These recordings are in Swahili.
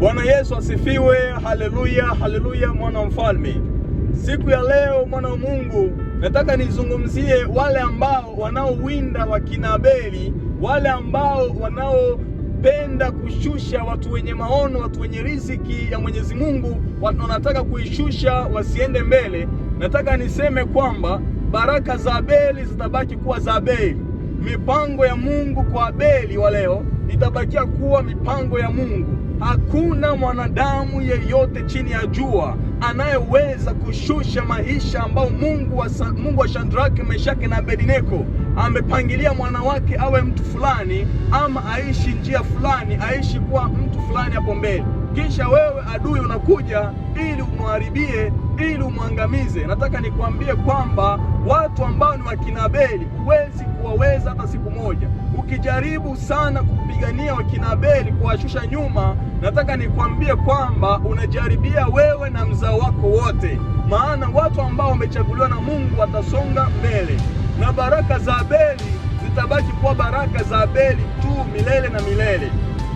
Bwana Yesu asifiwe. Haleluya, haleluya, mwana wa mfalme. Siku ya leo, mwana wa Mungu, nataka nizungumzie wale ambao wanaowinda wakina Abeli, wale ambao wanaopenda kushusha watu wenye maono, watu wenye riziki ya Mwenyezi Mungu, wanataka kuishusha wasiende mbele. Nataka niseme kwamba baraka za Abeli zitabaki kuwa za Abeli mipango ya Mungu kwa Abeli wa leo itabakia kuwa mipango ya Mungu. Hakuna mwanadamu yeyote chini ya jua anayeweza kushusha maisha ambayo Mungu wa, Mungu wa Shadraki, Meshaki na Abednego amepangilia mwanawake awe mtu fulani ama aishi njia fulani, aishi kuwa mtu fulani hapo mbele, kisha wewe adui unakuja ili umharibie umwangamize. Nataka nikwambie kwamba watu ambao ni wakina Abeli huwezi kuwaweza hata siku moja. Ukijaribu sana kupigania wakina Abeli, kuwashusha nyuma, nataka nikwambie kwamba unajaribia wewe na mzao wako wote, maana watu ambao wamechaguliwa na Mungu watasonga mbele na baraka za Abeli zitabaki kuwa baraka za Abeli tu milele na milele.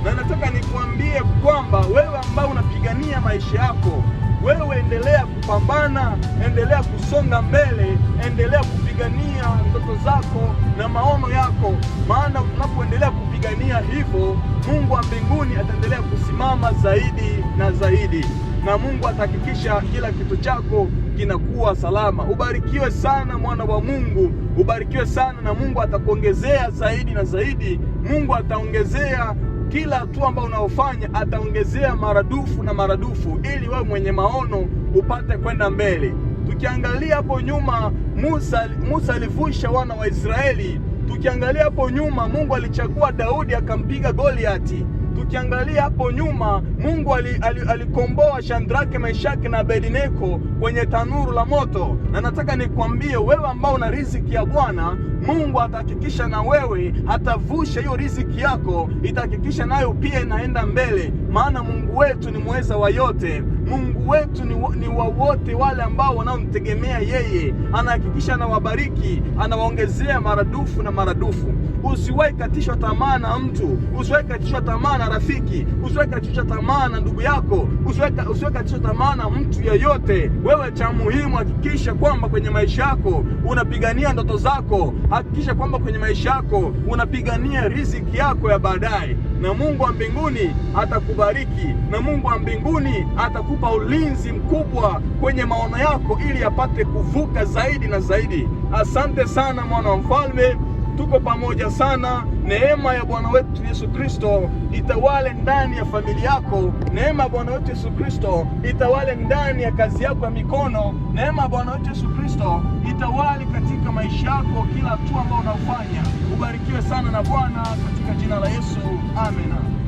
Na nataka nikuambie kwamba wewe ambao unapigania maisha yako wewe endelea kupambana, endelea kusonga mbele, endelea kupigania ndoto zako na maono yako, maana unapoendelea kupigania hivyo, Mungu wa mbinguni ataendelea kusimama zaidi na zaidi, na Mungu atahakikisha kila kitu chako kinakuwa salama. Ubarikiwe sana mwana wa Mungu, ubarikiwe sana na Mungu atakuongezea zaidi na zaidi. Mungu ataongezea kila hatua ambayo unaofanya ataongezea maradufu na maradufu, ili wewe mwenye maono upate kwenda mbele. Tukiangalia hapo nyuma, Musa Musa alivusha wana wa Israeli. Tukiangalia hapo nyuma, Mungu alichagua Daudi akampiga Goliati. Tukiangalia hapo nyuma, Mungu alikomboa ali, ali Shandrake, Meshake na Abednego kwenye tanuru la moto. Na nataka nikwambie wewe ambao una riziki ya Bwana Mungu atahakikisha na wewe atavusha hiyo riziki yako, itahakikisha nayo pia inaenda mbele, maana Mungu wetu ni muweza wa yote. Mungu wetu ni, ni wa wote wale ambao wanaomtegemea yeye, anahakikisha anawabariki, anawaongezea maradufu na maradufu. Usiwahi katishwa tamaa na mtu, usiwahi katishwa tamaa na rafiki, usiwahi katishwa tamaa na ndugu yako, usiwahi katishwa tamaa na mtu yeyote. Wewe cha muhimu, hakikisha kwamba kwenye maisha yako unapigania ndoto zako hakikisha kwamba kwenye maisha yako unapigania riziki yako ya baadaye, na Mungu wa mbinguni atakubariki, na Mungu wa mbinguni atakupa ulinzi mkubwa kwenye maono yako, ili yapate kuvuka zaidi na zaidi. Asante sana mwana wa mfalme tuko pamoja sana. Neema ya Bwana wetu Yesu Kristo itawale ndani ya familia yako. Neema ya Bwana wetu Yesu Kristo itawale ndani ya kazi yako ya mikono. Neema ya Bwana wetu Yesu Kristo itawale katika maisha yako, kila hatua ambayo unaofanya. Ubarikiwe sana na Bwana katika jina la Yesu, amina